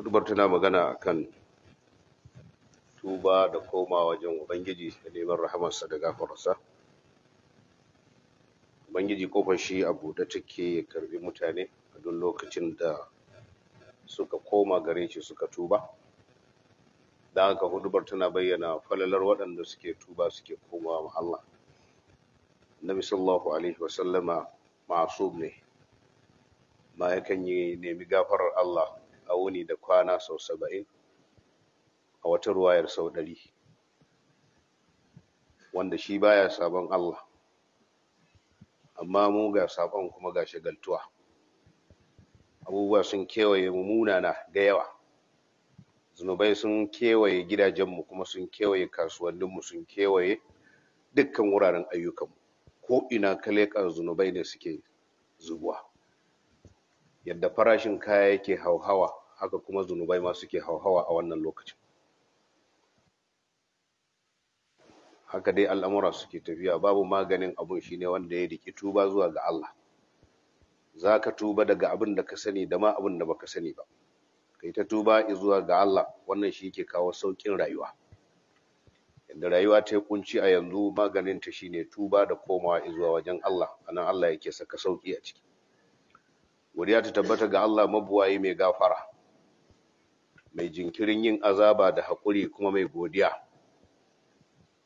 hudubar tana magana akan tuba da koma wajen ubangiji da neman rahamarsa da gafararsa ubangiji kofar shi a buɗe take ya karbi mutane a duk lokacin da suka koma gare shi suka tuba da haka hudubar tana bayyana falalar waɗanda suke tuba suke komawa ma Allah Nabi sallallahu alaihi wasallama masu ne ma yakan yi nemi gafarar Allah a wuni da kwana sau saba'in a wata ruwayar sau ɗari wanda shi baya sabon Allah amma mu ga sabon kuma ga shagaltuwa abubuwa sun kewaye mummuna munana da yawa zunubai sun kewaye gidajenmu kuma sun kewaye kasuwanninmu sun kewaye dukkan wuraren ayyukanmu ko ina kalekar zunubai ne suke zubuwa yadda farashin kaya yake hauhawa haka kuma zunubai ma suke hauhawa a wannan lokacin haka dai al'amura suke tafiya babu maganin abun shine wanda ya riki tuba zuwa ga Allah za ka tuba daga abin da ka sani da ma abin da baka sani ba kai ta tuba zuwa ga Allah wannan shi ke kawo sauƙin rayuwa yadda rayuwa ta yi kunci a yanzu maganin ta shine tuba da komawa zuwa wajen Allah anan Allah yake saka sauƙi a ciki godiya ta tabbata ga Allah mabuwaye mai gafara mai jinkirin yin azaba da haƙuri kuma mai godiya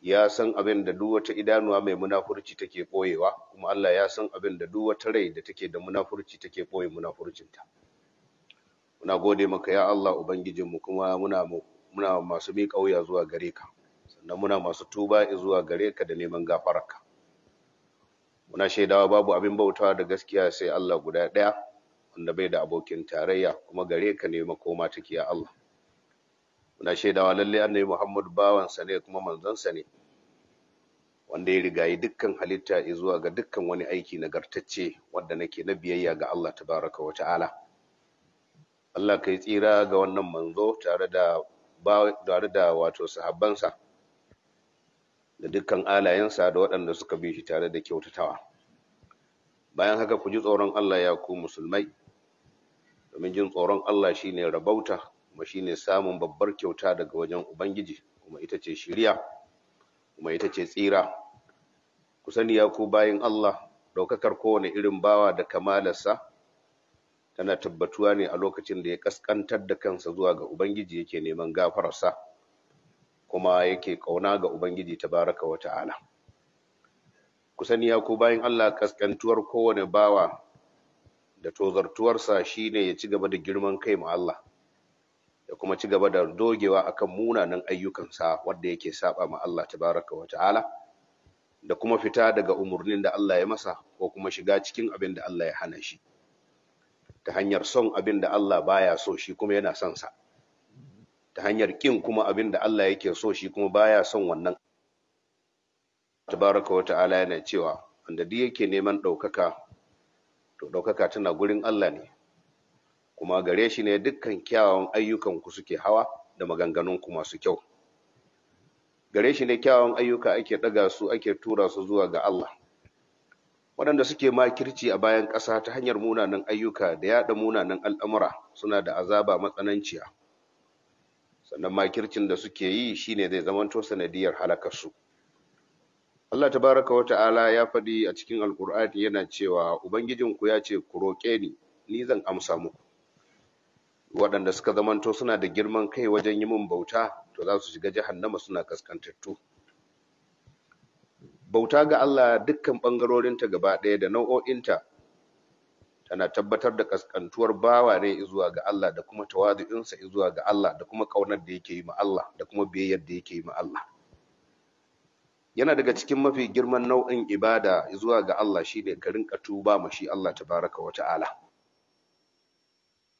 ya san abin da duk wata idanuwa mai munafurci take ɓoyewa kuma Allah ya san abin da duk wata rai da take da munafurci take ɓoye munafurcinta muna gode maka ya Allah ubangijinmu kuma muna muna masu miƙa wuya zuwa gare ka sannan muna masu tuba zuwa gare ka da neman gafararka muna shaidawa babu abin bautawa da gaskiya sai Allah guda ɗaya wanda bai da abokin tarayya kuma gare ka ne makoma take ya Allah muna shaidawa lalle annabi Muhammad bawan sa ne kuma manzon sa ne wanda ya rigayi dukkan halitta zuwa ga dukkan wani aiki nagartacce wanda nake na biyayya ga Allah tabaraka wa ta'ala Allah kai tsira ga wannan manzo tare da tare da wato sahabbansa da dukkan alayensa da waɗanda suka bi shi tare da kyautatawa bayan haka ku ji tsoron Allah ya ku musulmai domin jin tsoron Allah shine rabauta kuma shine samun babbar kyauta daga wajen ubangiji kuma ita ce shiriya kuma ita ce tsira ku sani ya ku bayin Allah daukakar kowane irin bawa da kamalarsa tana tabbatuwa ne a lokacin da ya kaskantar da kansa zuwa ga ubangiji yake neman gafararsa kuma yake kauna ga ubangiji tabaraka wa ta'ala ku sani ya ku bayin Allah kaskantuwar kowane bawa da tozartuwarsa shine ya ci gaba da girman kai ma Allah da kuma ci gaba da dogewa akan munanan ayyukansa wanda yake saba ma Allah tabaraka wa ta'ala da kuma fita daga umarnin da Allah ya masa ko kuma shiga cikin abin da Allah ya hana shi ta hanyar son abin da Allah baya so shi kuma yana son sa ta hanyar kin kuma abin da Allah yake so shi kuma baya son wannan tabaraka wa ta'ala yana cewa wanda duk yake neman ɗaukaka to ɗaukaka tana gurin Allah ne kuma gare shi ne dukkan kyawawan ku suke hawa da maganganun ku masu kyau gare shi ne kyawawan ayyuka ake ɗaga su ake tura su zuwa ga Allah waɗanda suke makirci a bayan ƙasa ta hanyar munanan ayyuka da yaɗa munanan al'amura suna da azaba matsananciya sannan makircin da suke yi shine zai zamanto sanadiyar halakarsu Allah tabaraka wa ta'ala ya faɗi a cikin alkur'ani yana cewa ubangijinku ya ce ku roƙe ni ni zan amsa muku waɗanda suka zamanto suna da girman kai wajen yi min bauta to za su shiga jahannama suna kaskantattu bauta ga Allah dukkan ɓangarorinta gaba ɗaya da nau'o'inta tana tabbatar da kaskantuwar bawa ne zuwa ga Allah da kuma tawadu'insa zuwa ga Allah da kuma kaunar da yake yi ma Allah da kuma biyayyar da yake yi ma Allah yana daga cikin mafi girman nau'in ibada zuwa ga Allah shine ka rinka tuba ma shi Allah tabaraka wa ta'ala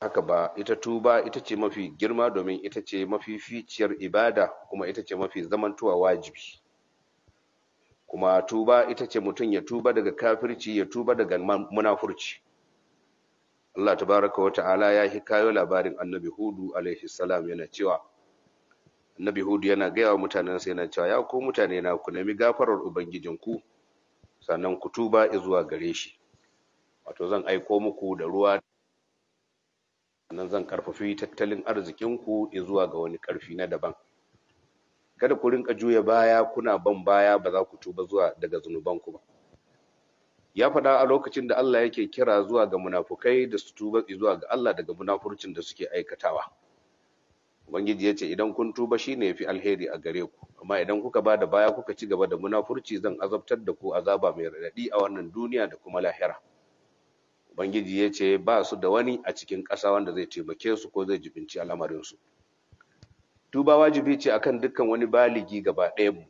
haka ba ita tuba ita ce mafi girma domin ita ce mafi ficiyar ibada kuma ita ce mafi zamantuwa wajibi kuma tuba ita ce mutum ya tuba daga kafirci ya tuba daga munafurci Allah tabaraka wa ta'ala ya hikayo labarin annabi Hudu alaihi salam yana cewa annabi hudu yana gaya wa mutanen sai yana cewa ya ku mutane na ku nemi gafarar ubangijinku sannan ku tuba zuwa gare shi wato zan aiko muku da ruwa sannan zan karfafi tattalin arzikin ku zuwa ga wani karfi na daban kada ku rinka juya baya kuna ban baya ba za ku tuba zuwa daga ku ba ya faɗa a lokacin da Allah yake kira zuwa ga munafukai da su tuba zuwa ga Allah daga munafurcin da suke aikatawa ubangiji ya ce idan kun tuba shi shine fi alheri a gare ku amma idan kuka ba da baya kuka ci gaba da munafurci zan azabtar da ku azaba mai raɗaɗi a wannan duniya da kuma lahira ubangiji ya ce ba su da wani a cikin ƙasa wanda zai taimake su ko zai jibinci al'amarinsu tuba wajibi ce akan dukkan wani baligi gaba ɗaya mu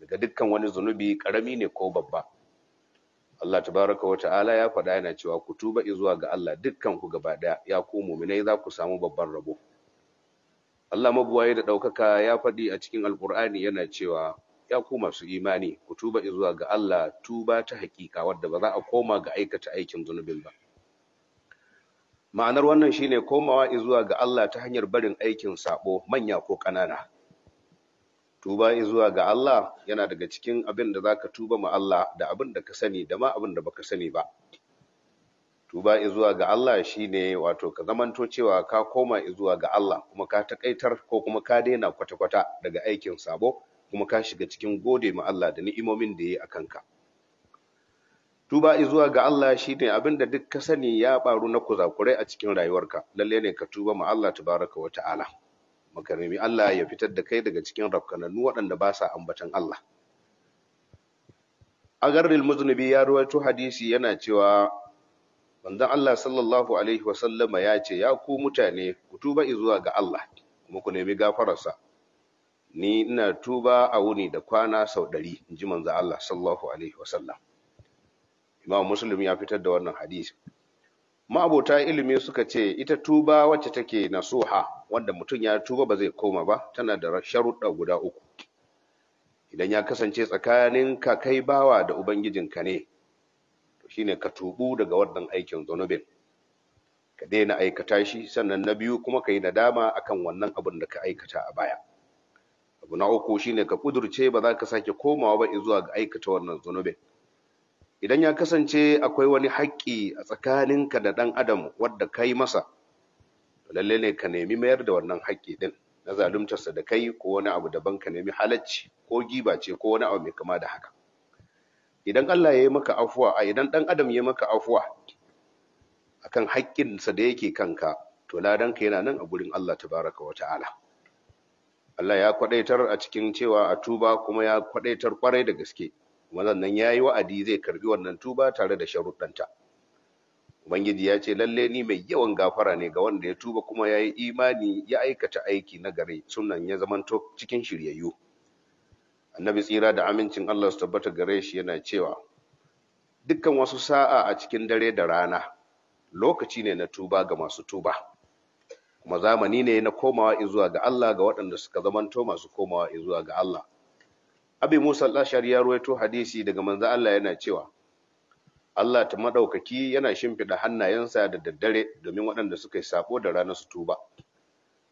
daga dukkan wani zunubi ƙarami ne ko babba Allah tabaraka wa ta'ala ya faɗa yana cewa ku tuba zuwa ga Allah dukkan ku gaba ɗaya ya ku muminai za ku samu babban rabo Allah mabuwaye da ɗaukaka ya faɗi a cikin Alƙur'ani yana cewa ya ku masu imani ku tuba zuwa ga Allah tuba ta hakika wadda ba za a koma ga aikata aikin zunubin ba. Ma'anar wannan shine komawa zuwa ga Allah ta hanyar barin aikin saɓo manya ko ƙanana. Tuba zuwa ga Allah yana daga cikin abin da za ka tuba ma Allah da abin da ka sani da ma abin da baka sani ba. tuba izuwa ga Allah shine wato ka zamanto cewa ka koma izuwa ga Allah kuma ka takaitar ko kuma ka daina kwata-kwata daga aikin sabo kuma ka shiga cikin gode ma Allah da ni'imomin da ya yi a kanka tuba izuwa ga Allah shine abin da duk ka sani ya ɓaru na kuzakurai a cikin rayuwarka lalle ne ka tuba ma Allah tabaraka wa ta'ala maka nemi Allah ya fitar da kai daga cikin rafkananu waɗanda ba sa ambatan Allah agarril muzunubi ya ruwaito hadisi yana cewa manzon Allah sallallahu alaihi wasallama ya ce ya ku mutane ku tuba zuwa ga Allah kuma ku nemi gafararsa ni ina tuba a wuni da kwana sau ɗari in ji manza Allah sallallahu alaihi wasallam Imam Musulmi ya fitar da wannan hadisi ma'abota ilimi suka ce ita tuba wacce take nasuha wanda mutum ya tuba ba zai koma ba tana da sharuɗa guda uku idan ya kasance tsakaninka kai bawa da ubangijinka ne shine ka tubu daga wannan aikin zunubin ka daina aikata shi sannan na biyu kuma ka yi nadama akan wannan abin da ka aikata a baya abu na uku shine ka kudurce ba za ka sake komawa ba zuwa ga aikata wannan zunubin idan ya kasance akwai wani haƙƙi a tsakaninka da ɗan adam wadda ka yi masa lalle ne ka nemi mayar da wannan haƙƙi ɗin na zaluntarsa da kai ko wani abu daban ka nemi halacci ko giba ce ko wani abu mai kama da haka idan Allah ya yi maka afuwa a idan ɗan adam ya maka afuwa akan haƙƙinsa da yake kanka to ladanka yana nan a gurin Allah tabaraka wa ta'ala Allah ya kwadaitar a cikin cewa a tuba kuma ya kwadaitar kwarai da gaske kuma sannan ya yi wa'adi zai karbi wannan tuba tare da sharuɗanta ubangiji ya ce lalle ni mai yawan gafara ne ga wanda ya tuba kuma ya yi imani ya aikata aiki na gare sunan ya zamanto cikin shiryayyu annabi tsira da amincin Allah su tabbata gare shi yana cewa dukkan wasu sa'a a cikin dare da rana lokaci ne na tuba ga masu tuba kuma zamani ne na komawa zuwa ga Allah ga waɗanda suka zamanto masu komawa zuwa ga Allah abi musa al-ashari ya ruwaito hadisi daga manzo Allah yana cewa Allah ta madaukaki yana shimfida hannayensa da daddare domin waɗanda suka yi sako da rana su tuba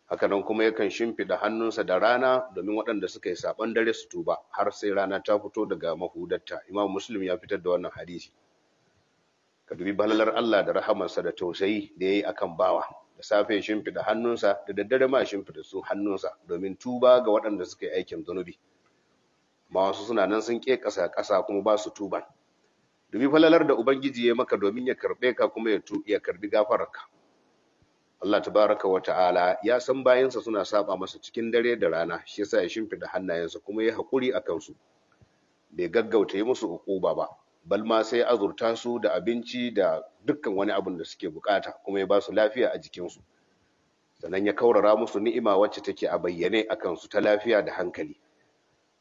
Haka nan kuma yakan shimfiɗa hannunsa da rana domin waɗanda suka yi saɓon dare su tuba har sai rana ta fito daga mahudarta imam muslim ya fitar da wannan hadisi ka dubi balalar Allah da rahamarsa da tausayi da ya yi a kan bawa da safe ya hannunsa da daddare ma shimfida su hannunsa domin tuba ga waɗanda suka yi aikin zunubi ma wasu suna nan sun ƙe ƙasa ƙasa kuma ba su tuban dubi falalar da ubangiji ya maka domin ya karɓe ka kuma ya karɓi gafararka Allah tabaraka wa ta'ala ya san bayansa suna saba masa cikin dare da rana shi yasa ya shimfida hannayensa kuma ya haƙuri a kansu bai gaggauta yi musu uquba ba bal ma sai azurta su da abinci da dukkan wani abin da suke bukata kuma ya ba su lafiya a jikinsu sannan ya kaurara musu ni'ima wacce take a bayyane a kansu ta lafiya da hankali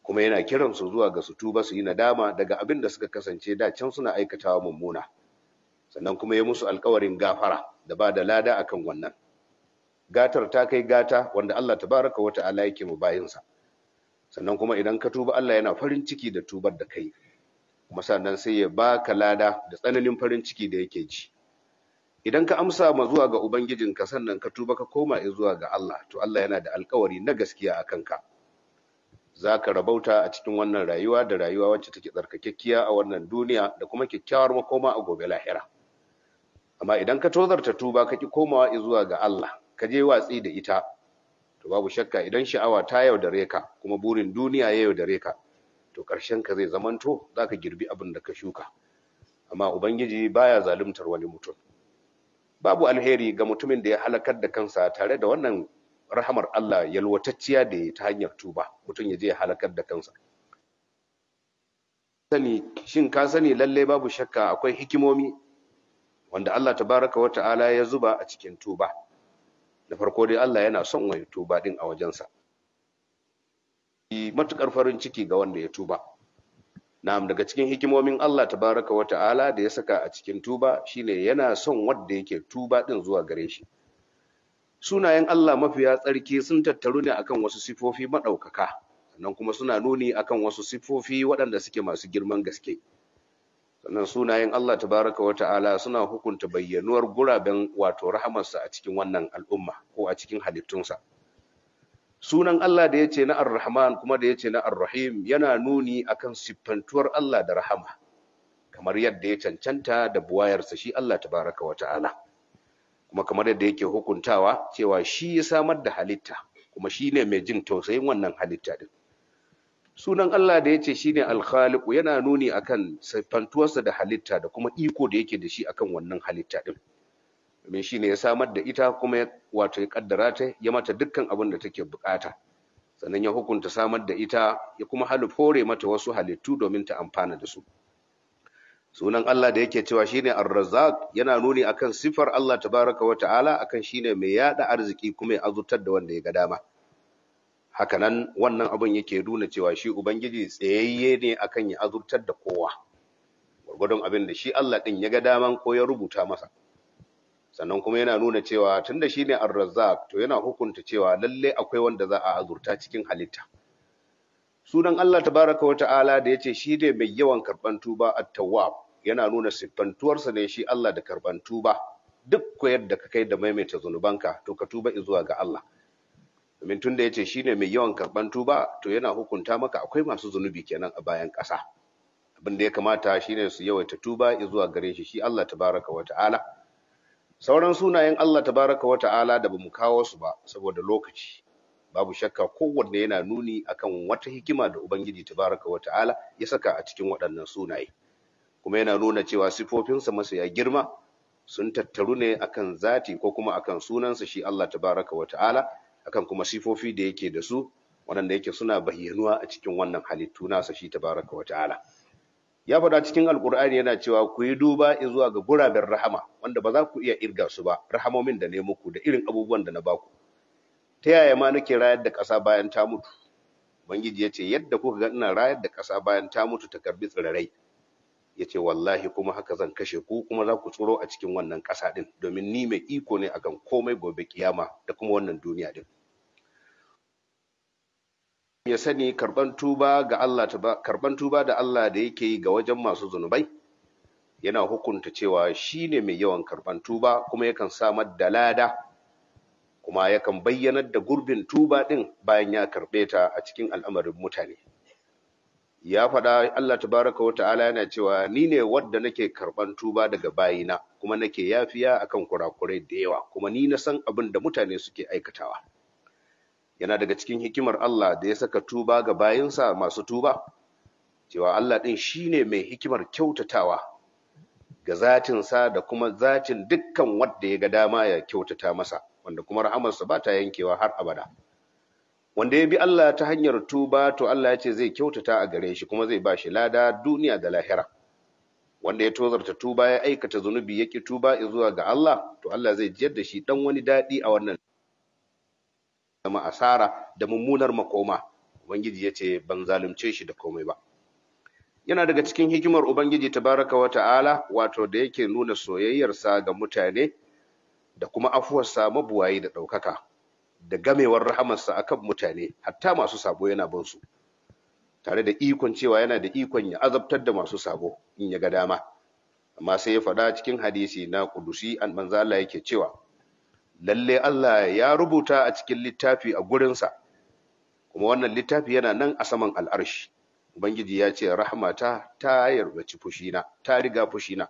kuma yana kiran su zuwa ga su tuba su yi nadama daga abin da suka kasance da can suna aikatawa mummuna sannan kuma ya musu alkawarin gafara da ba da lada akan wannan gatar ta kai gata wanda Allah tabaraka wa ta'ala yake mu bayinsa sannan kuma idan ka tuba Allah yana farin ciki da tubar da kai kuma sannan sai ya baka lada da tsananin farin ciki da yake ji idan ka amsa ma zuwa ga ubangijinka sannan ka tuba ka koma zuwa ga Allah to Allah yana da alkawari na gaskiya a kanka za ka rabauta a cikin wannan rayuwa da rayuwa wacce take tsarkakekkiya a wannan duniya da kuma kyakkyawar makoma a gobe lahira amma idan ka tozarta tuba ka ki komawa zuwa ga Allah ka je watsi da ita to babu shakka idan sha'awa ta yaudare ka kuma burin duniya ya yaudare ka to ƙarshen ka zai zamanto zaka girbi abin da ka shuka amma ubangiji baya zaluntar wani mutum babu alheri ga mutumin da ya halakar da kansa tare da wannan rahamar Allah yalwatacciya da ya ta hanyar tuba mutum ya je ya halakar da kansa sani shin ka sani lalle babu shakka akwai hikimomi wanda Allah tabaraka wa ta'ala ya zuba a cikin tuba da farko dai Allah yana son wani tuba din a wajensa matukar farin ciki ga wanda ya tuba na'am daga cikin hikimomin Allah tabaraka wa ta'ala da ya saka a cikin tuba shine yana son wanda yake tuba din zuwa gare shi sunayen Allah mafiya tsarki sun tattaru ne akan wasu sifofi madaukaka sannan kuma suna nuni akan wasu sifofi waɗanda suke masu girman gaske sannan sunayen Allah tabaraka wa ta'ala suna hukunta bayyanuwar guraben wato rahamarsa a cikin wannan al'umma ko a cikin halittunsa sunan Allah da yace na ar-rahman kuma da yace na ar-rahim yana nuni akan siffantuwar Allah da rahama kamar yadda ya cancanta da buwayarsa shi Allah tabaraka wa ta'ala kuma kamar yadda yake hukuntawa cewa shi ya samar da halitta kuma shi ne mai jin tausayin wannan halitta din sunan Allah da ya ce shine alkhaliqu yana nuni akan siffantuwarsa da halitta da kuma iko da yake da shi akan wannan halitta din domin shine ya samar da ita kuma wato ya kaddara ta ya mata dukkan abin da take bukata sannan ya hukunta samar da ita ya kuma halu hore mata wasu halittu domin ta amfana da su sunan Allah da yake cewa shine ar-razzaq yana nuni akan sifar Allah tabaraka wa ta'ala akan shine mai yada arziki kuma ya azutar da wanda ya ga dama hakanan wannan abin yake nuna cewa shi ubangiji tsayayye ne akan ya azurtar da kowa gwargwadon abin da shi Allah din ya ga daman ko ya rubuta masa sannan kuma yana nuna cewa tunda shine ar-razzaq to yana hukunta cewa lalle akwai wanda za a azurta cikin halitta sunan Allah tabaraka wa ta'ala da yace shi ne mai yawan karban tuba at-tawwab yana nuna siffantuwarsa ne shi Allah da karban tuba duk koyar da ka kai da maimaita zunubanka to ka tuba zuwa ga Allah domin tunda yace shine mai yawan karban tuba to yana hukunta maka akwai masu zunubi kenan a bayan ƙasa abin da ya kamata shine su yawaita tuba zuwa gare shi shi Allah tabaraka wa ta'ala sauran sunayen Allah tabaraka wa ta'ala da bamu kawo su ba saboda lokaci babu shakka kowanne yana nuni akan wata hikima da ubangiji tabaraka wa ta'ala ya saka a cikin waɗannan sunaye kuma yana nuna cewa sifofinsa ya girma sun tattaru ne akan zati ko kuma akan sunansa shi Allah tabaraka wa ta'ala akan kuma sifofi da yake da su waɗanda yake suna bayyanuwa a cikin wannan halittu nasa shi tabaraka wa ta'ala ya faɗa cikin alkur'ani yana cewa ku yi duba zuwa ga guraben rahama wanda ba za ku iya irga su ba rahamomin da ne muku da irin abubuwan da na baku ta yaya ma nake rayar da ƙasa bayan ta mutu ubangiji ya ce yadda kuka ga ina rayar da ƙasa bayan ta mutu ta karbi tsirrai ya ce wallahi kuma haka zan kashe ku kuma za ku tsoro a cikin wannan ƙasa ɗin domin ni mai iko ne akan komai gobe kiyama da kuma wannan duniya ɗin ya sani karban tuba ga Allah da Allah da yake yi ga wajen masu zunubai yana hukunta cewa shi ne mai yawan karban tuba kuma yakan samar da lada kuma yakan bayyanar da gurbin tuba din bayan ya karbe ta a cikin al'amarin mutane ya faɗa Allah tabaraka wa ta'ala yana cewa ni ne wadda nake karban tuba daga bayina kuma nake yafiya akan kurakurai da yawa kuma ni na san abin da mutane suke aikatawa yana daga cikin hikimar Allah da ya saka tuba ga bayinsa masu tuba cewa Allah ɗin shi ne mai hikimar kyautatawa ga zatinsa da kuma zatin dukkan wanda ya ga dama ya kyautata masa wanda kuma rahamarsa ba ta yankewa har abada wanda ya bi Allah ta hanyar tuba to Allah ya ce zai kyautata a gare shi kuma zai ba shi lada duniya da lahira wanda ya tozarta tuba ya aikata zunubi ya ki tuba zuwa ga Allah to Allah zai jiyar da shi dan wani daɗi a wannan zama asara da mummunar makoma ubangiji ya ce ban zalunce shi da komai ba yana daga cikin hikimar ubangiji tabaraka wa ta'ala wato da yake nuna soyayyarsa ga mutane da kuma afuwarsa mabuwayi da ɗaukaka da gamewar rahamarsa akan mutane hatta masu sabo yana bin su tare da ikon cewa yana da ikon ya azabtar da masu sabo in ya ga dama amma sai ya faɗa cikin hadisi na kudusi an manzo yake cewa lalle Allah ya rubuta a cikin littafi a gurinsa kuma wannan littafi yana nan a saman al'arshi ubangiji ya ce rahmata ta yarbaci na, ta riga fushi Na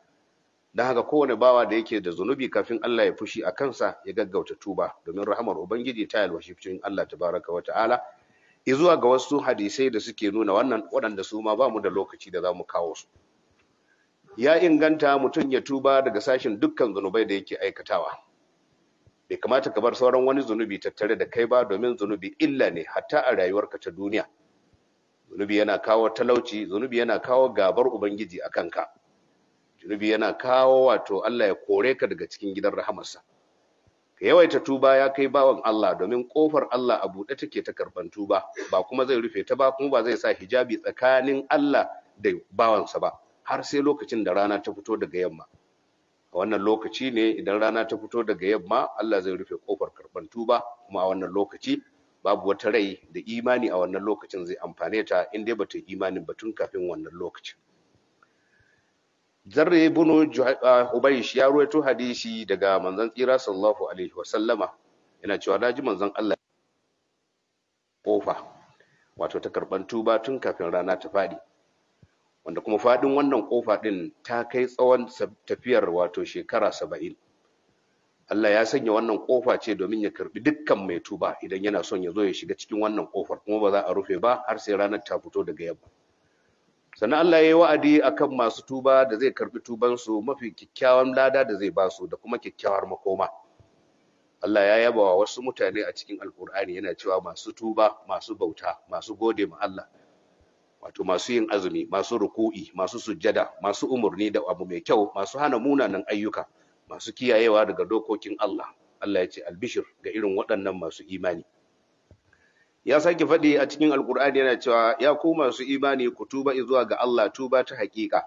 don haka kowane bawa da yake da zunubi kafin Allah ya fushi a kansa ya gaggauta tuba domin rahamar ubangiji ta yalwashi cikin Allah tabaraka wa ta'ala izuwa ga wasu hadisai da suke nuna wannan waɗanda su ma ba mu da lokaci da za mu kawo su ya inganta mutum ya tuba daga sashin dukkan zunubai da yake aikatawa bai kamata ka bar sauran wani zunubi tattare da kai ba domin zunubi illa ne hatta a rayuwarka ta duniya zunubi yana kawo talauci zunubi yana kawo gabar ubangiji a kanka zunubi yana kawo wato Allah ya kore ka daga cikin gidan rahamarsa ka yawaita tuba ya kai bawan Allah domin kofar Allah a buɗe take ta karban tuba ba kuma zai rufe ta ba kuma ba zai sa hijabi tsakanin Allah da bawansa ba har sai lokacin da rana ta fito daga yamma a wannan lokaci ne idan rana ta fito daga yamma Allah zai rufe kofar karban tuba kuma a wannan lokaci babu wata rai da imani a wannan lokacin zai amfane ta in dai bata imanin tun kafin wannan lokacin zarre ibn Hubaysh ya ruwaito hadisi daga manzon tsira sallallahu alaihi wasallama yana cewa ji manzon Allah kofa wato ta karban tuba tun kafin rana ta faɗi wanda kuma faɗin wannan ƙofa ɗin ta kai tsawon tafiyar wato shekara saba'in Allah ya sanya wannan ƙofa ce domin ya karɓi dukkan mai tuba idan yana son ya zo ya shiga cikin wannan ƙofar kuma ba za a rufe ba har sai ranar ta fito daga yamma sannan Allah ya yi wa'adi akan masu tuba da zai karbi tubansu mafi kyakkyawan lada da zai basu da kuma kyakkyawar makoma Allah ya yaba wa wasu mutane a cikin alkur'ani yana cewa masu tuba masu bauta masu gode ma Allah wato masu yin azumi masu ruku'i masu sujjada masu umurni da abu mai kyau masu hana munanan ayyuka masu kiyayewa daga dokokin Allah Allah ya ce albishir ga irin waɗannan masu imani ya sake faɗi a cikin alkur'ani yana cewa ya ku masu imani ku tuba zuwa ga Allah tuba ta haƙiƙa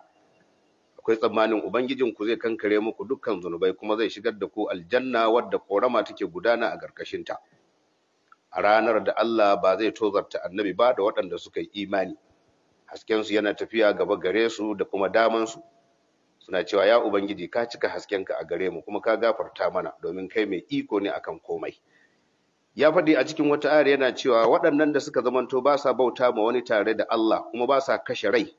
akwai tsammanin ubangijin ku zai kankare muku dukkan zunubai kuma zai shigar da ku aljanna wadda korama take gudana a ƙarƙashinta a ranar da Allah ba zai tozarta annabi ba da waɗanda suka yi imani Hasken su yana tafiya gaba gare su da kuma daman su. suna cewa ya ubangiji ka cika hasken ka a gare mu kuma ka gafarta mana domin kai mai iko ne akan komai ya faɗi a cikin wata ayar yana cewa waɗannan da suka zamanto ba sa bauta ma wani tare da Allah kuma ba sa kashe rai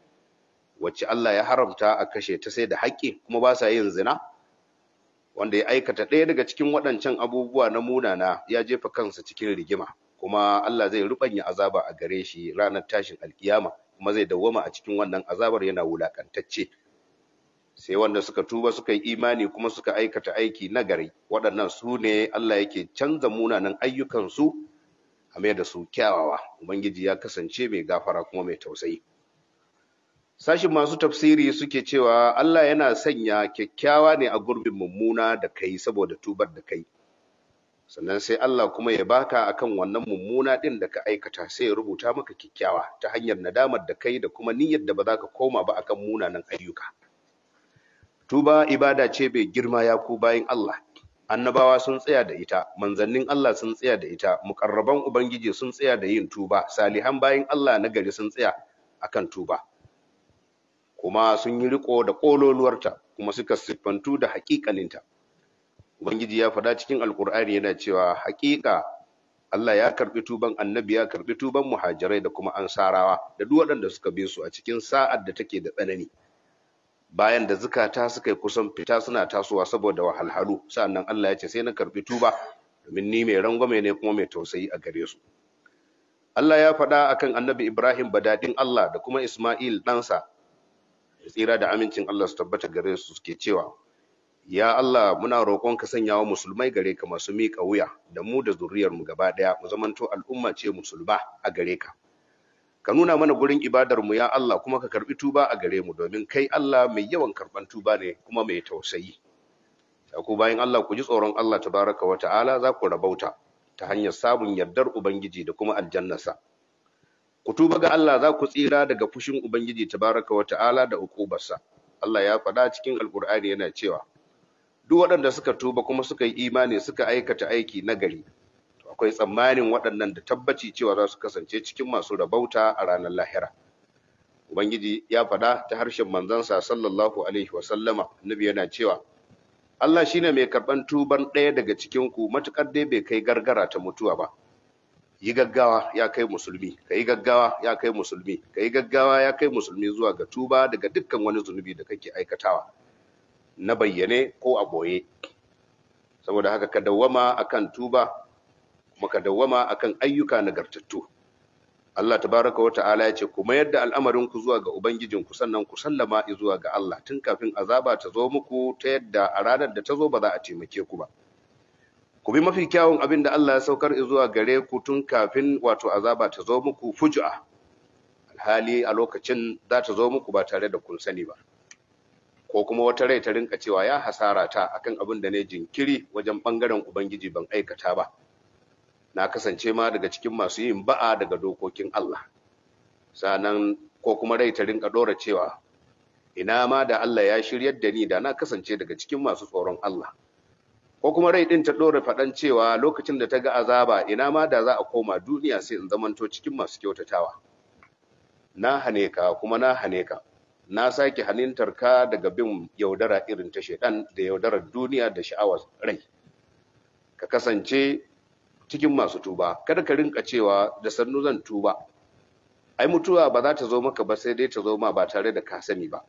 wacce Allah ya haramta a kashe ta sai da haƙƙi kuma ba sa yin zina wanda ya aikata ɗaya daga cikin waɗancan abubuwa na munana ya jefa kansa cikin rigima kuma Allah zai ruɓanya azaba a gare shi ranar tashin alkiyama kuma zai dawwama a cikin wannan azabar yana wulakantacce sai wanda suka tuba suka yi imani kuma suka aikata aiki nagari waɗannan su ne Allah yake canza munanan ayyukansu a mai da su kyawawa ubangiji ya kasance mai gafara kuma mai tausayi sashin masu tafsiri suke cewa Allah yana sanya kyakkyawa ne a gurbin mummuna da kai saboda tubar da kai sannan sai Allah kuma ya baka akan wannan mummuna din da ka aikata sai ya rubuta maka kyakkyawa ta hanyar nadamar da kai da kuma niyyar da ba za ka koma ba akan munanan ayyuka tuba ibada ce bai girma ya ku bayin Allah annabawa sun tsaya da ita manzannin Allah sun tsaya da ita mukarraban ubangiji sun tsaya da yin tuba salihan bayin Allah na gari sun tsaya akan tuba kuma sun yi riko da kololuwarta kuma suka siffantu da haƙiƙaninta. ubangiji ya faɗa cikin Alƙur'ani yana cewa haƙiƙa Allah ya karɓi tuban annabi ya karɓi tuban muhajirai da kuma ansarawa da duk waɗanda suka bi su a cikin sa'ad da take da tsanani bayan da zukata suka yi kusan fita suna tasowa saboda wahalhalu sa'annan Allah ya ce sai na karɓi tuba domin ni mai rangwame ne kuma mai tausayi a gare su Allah ya faɗa akan annabi Ibrahim badadin Allah da kuma Ismail ɗansa tsira da amincin Allah su tabbata gare su suke cewa ya Allah muna roƙon ka sanya wa musulmai gare ka masu miƙa wuya da mu da zuriyar mu gaba ɗaya mu zamanto al'umma ce musulma a gare ka ka nuna mana gurin ibadar mu ya Allah kuma ka karɓi tuba a gare mu domin kai Allah mai yawan karban tuba ne kuma mai tausayi ku bayan Allah ku ji tsoron Allah tabaraka wa ta'ala za ku rabauta ta hanyar samun yardar ubangiji da kuma aljannarsa ku tuba ga Allah za ku tsira daga fushin ubangiji tabaraka wa ta'ala da ukubarsa Allah ya faɗa cikin alkur'ani yana cewa duk waɗanda suka tuba kuma suka yi imani suka aikata aiki na gari akwai tsammanin waɗannan da tabbaci cewa za su kasance cikin masu rabauta a ranar lahira ubangiji ya faɗa ta harshen manzansa sallallahu alaihi wa sallama. annabi yana cewa Allah shine mai karɓan tuban ɗaya daga cikin ku matukar dai bai kai gargara ta mutuwa ba yi gaggawa ya kai musulmi ka yi gaggawa ya kai musulmi ka yi gaggawa ya kai musulmi zuwa ga tuba daga dukkan wani zunubi da kake aikatawa na bayyane ko a boye saboda haka ka dawwama akan tuba kuma ka dawwama akan ayyuka nagartattu Allah tabaraka wata'ala ya ce kuma yadda al'amarin ku zuwa ga ubangijin ku sannan ku sallama zuwa ga Allah tun kafin azaba ta zo muku ta yadda a ranar da ta zo ba za a taimake ku ba ku bi mafi kyawun abin da Allah ya saukar zuwa gare ku tun kafin wato azaba ta zo muku fujua alhali a lokacin za ta zo muku ba tare da kun sani ba ko kuma wata rai ta rinka cewa ya hasara ta akan abin da ne jinkiri wajen bangaren ubangiji ban aikata ba na kasance ma daga cikin masu yin ba'a daga dokokin Allah sanan ko kuma rai ta rinka dora cewa ina ma da Allah ya shiryar da ni da na kasance daga cikin masu tsoron Allah ko kuma rai din ta dora faɗan cewa lokacin da ta ga azaba ina ma da za a koma duniya sai in zamanto cikin masu kyautatawa na hane ka kuma na hane ka na sake halintar ka daga bin yaudara irin ta shaidan da yaudarar duniya da sha'awar rai ka kasance cikin masu tuba kada ka rinka cewa da sannu zan tuba ai mutuwa ba za ta zo maka ba sai dai ta zo ma ba tare da ka sani ba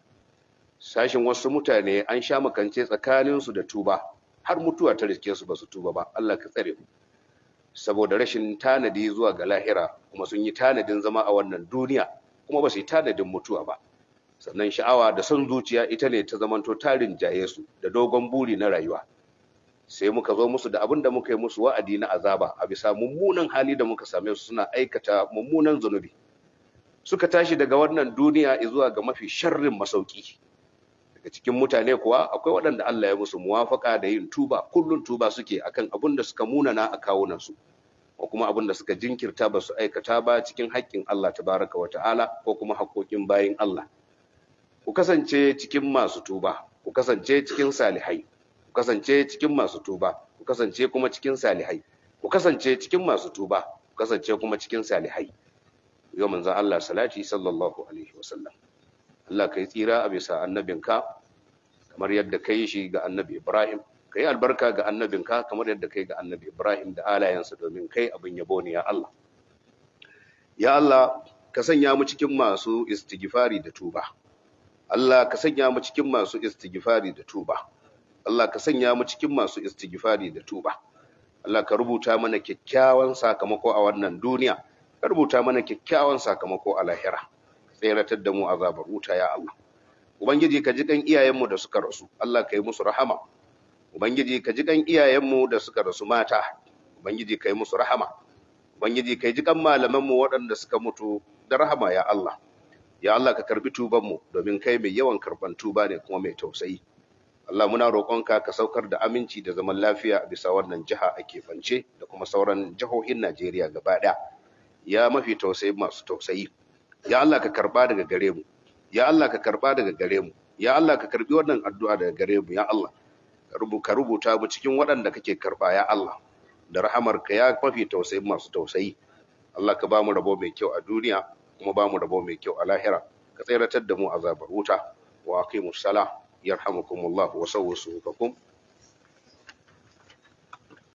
Sashen wasu mutane an sha makance tsakaninsu da tuba har mutuwa ta riske su ba su tuba ba Allah ka tsare mu saboda rashin tanadi zuwa ga lahira kuma sun yi tanadin zama a wannan duniya kuma ba su yi tanadin mutuwa ba sannan sha'awa da son zuciya ita ne ta zamanto tarin jaye su da dogon buri na rayuwa sai muka zo musu da abin da muka yi musu wa'adi na azaba a bisa mummunan hali da muka same su suna aikata mummunan zunubi suka tashi daga wannan duniya zuwa ga mafi sharrin masauki daga cikin mutane kuwa akwai waɗanda Allah ya musu muwafaka da yin tuba kullun tuba suke akan abin da suka munana a kawunan su ko kuma abin da suka jinkirta ba su aikata ba cikin haƙƙin Allah tabaraka wa ta'ala ko kuma haƙƙoƙin bayin Allah ku kasance cikin masu tuba ku kasance cikin salihai ku kasance cikin masu tuba ku kasance kuma cikin salihai ku kasance cikin masu tuba ku kasance kuma cikin salihai yau manzon Allah salati sallallahu alaihi wasallam Allah kai tsira a bisa annabinka kamar yadda kai shi ga annabi Ibrahim kai albarka ga annabinka kamar yadda kai ga annabi ibrahim da alayensa domin kai abin yabo ne ya allah ya allah ka sanya mu cikin masu istighfari da tuba Allah ka sanya mu cikin masu istighfari da tuba Allah ka sanya mu cikin masu istighfari da tuba Allah ka rubuta mana kyakkyawan sakamako a wannan duniya ka rubuta mana kyakkyawan sakamako a lahira tseratar da mu azabar wuta ya Allah ubangiji ka ji kan iyayenmu da suka rasu Allah ka yi musu rahama ubangiji ka ji kan iyayenmu da suka rasu mata ubangiji ka yi musu rahama ubangiji ka ji kan malamanmu waɗanda suka mutu da rahama ya Allah ya Allah ka karbi tubanmu domin kai mai yawan karban tuba ne kuma mai tausayi Allah muna roƙonka ka saukar da aminci da zaman lafiya a bisa wannan jiha a kefance da kuma sauran jihohin Najeriya gaba ɗaya ya mafi tausayi masu tausayi ya Allah ka karba daga gare mu ya Allah ka karba daga gare mu ya Allah ka karbi wannan addu'a daga gare mu ya Allah ka rubuta mu cikin waɗanda kake karba ya Allah da rahamarka ya mafi tausayi masu tausayi Allah ka ba mu rabo mai kyau a duniya kuma ba mu rabo mai kyau a lahira ka tseratar da mu a zabar wuta wa aqimus sala yarhamukumullahu wa sawwu suhufakum